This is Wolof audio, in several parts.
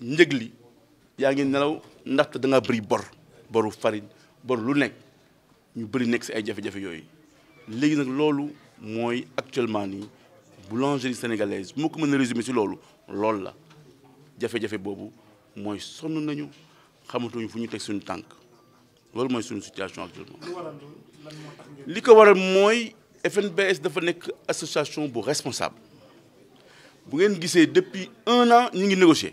njëg ya yaa ngi nelaw ndaxte da nga bëri bor boru farine bor lu nekk ñu bëri nekk ci ay jafe-jafe yooyu léegi nak lolu moy actuellement ni boulangerie sénégalaise moko ko mën a résumer si loolu loolu la jafe-jafe bobu moy sonn nañu xamatuñu fu ñu teg suñu tank lolu moy suñu situation actuellement li ko waral moy FNBS dafa nekk association bu responsable bu ngeen gisee depuis 1 an ñi ngi négocier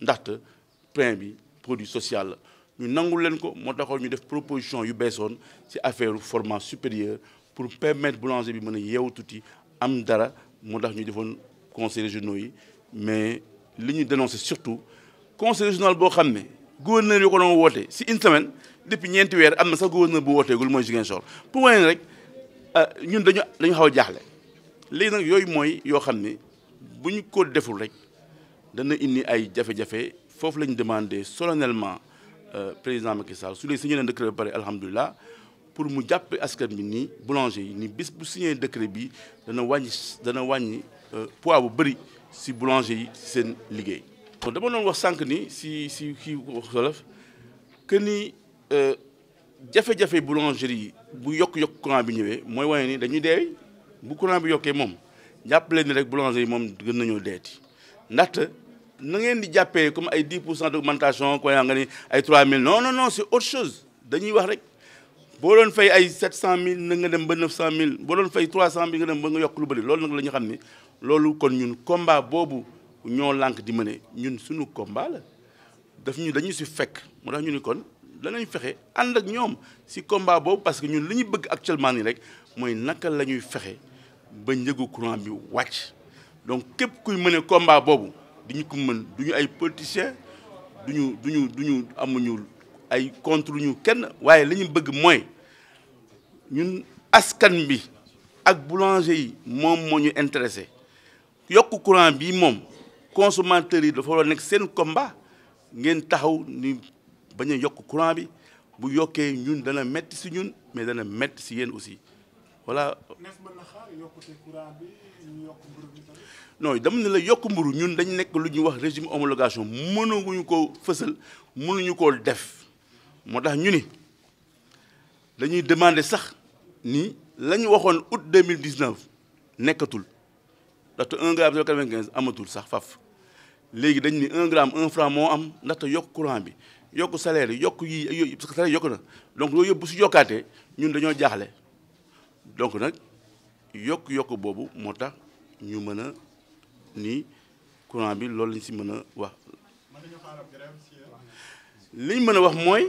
ndaxte pain bi produit social ñu nangul leen ko moo taxoon ñu def proposition yu beesoon ci affaire format supérieur pour permettre boulanger bi mën a yeewu tuuti am dara moo tax ñu defoon conseil régionaux yi mais li ñu dénoncer surtout conseil régional boo xam ne gouverneur yoo ko doon woote si une semaine depuis ñeenti weer am na sax gouverneur bu wooteegul mooy Ziguinchor pour wane rek euh, ñun dañu dañu xaw a jaaxle léegi nag yooyu mooy yoo xam ne bu ñu ko deful rek dana indi ay jafé jafé foofu lañ demandé solennellement euh président Macky Sall sous les signé na décret ba pare pour mu jappé askan bi ni boulanger ni bis bu signé décret bi dana wañi dana wañi euh poids bu bari si boulanger yi sen liguey donc dama doon wax sank ni si si ki wax solof que ni euh jafé jafé boulangerie bu yok yok courant bi ñëwee moy wane ni dañuy déwé bu courant bi yoké mom jappalé ni rek boulanger yi moom gën nañu déti ndax nous avons comme 10 d'augmentation ko 000. non non non c'est autre chose dañuy wax rek on fait fay ay 700000 000. Si dem ba 900000 000, doon fay 300000 nga dem ba nga lu combat nous ñoo nous di ñun combat la daf ñu fekk avons fait ak combat bobu parce que ñun bëgg actuellement ni rek moy naka lañuy fexé ba courant donc képp kuy mëne combat duñu ko mën duñu ay politiciens duñu duñu duñu amuñu ay contre ñu kenn waaye li ñu bëgg mooy ñun askan bi ak boulanger yi moom moo ñu intéressé yokk courant bi moom consommateurs yi dafa war nekk seen combat ngeen taxaw ni bañ a yokk courant bi bu yokkee ñun dana metti si ñun mais dana metti si yéen aussi voilà. non dama ne la yokk mburu ñun dañ nekk lu ñuy wax régime homologation mënuñu ko fësal mënuñu ko def moo tax ñu ni dañuy demander sax ni la ñu waxoon août 2019 nekkatul ndaxte 1 gramme 95 amatul sax faf léegi dañ ni 1 gramme moo am ndaxte yokk courant bi yokk salaire yi yokk yi salaire yokk na donc loolu yëpp bu si yokkaatee ñun dañoo jaaxle donc nag yokk-yokk boobu moo tax ñu mën a ni courant bi loolu lañ si mën a wax liñ mën a wax mooy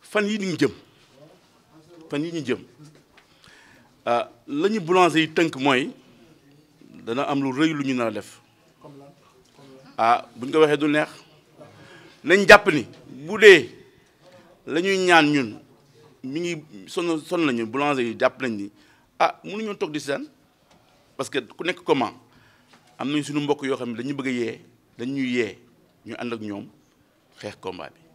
fan yi ñu jëm fan yi ñu jëm ah la ñu boulanger yi tënk mooy dana am lu rëy lu ñu nar a def ah buñ ko waxee du neex nañ jàpp ni bu dee la ñuy ñaan ñun mi son son sonn nañu boulanger yi jàpp nañ ni ah ñu tok di seetaan parce que ku nekk comment am nañ suñu mbokk yo xamni dañu bëgg yé yee dañ ñuy yee ñu and ak ñom xex combat bi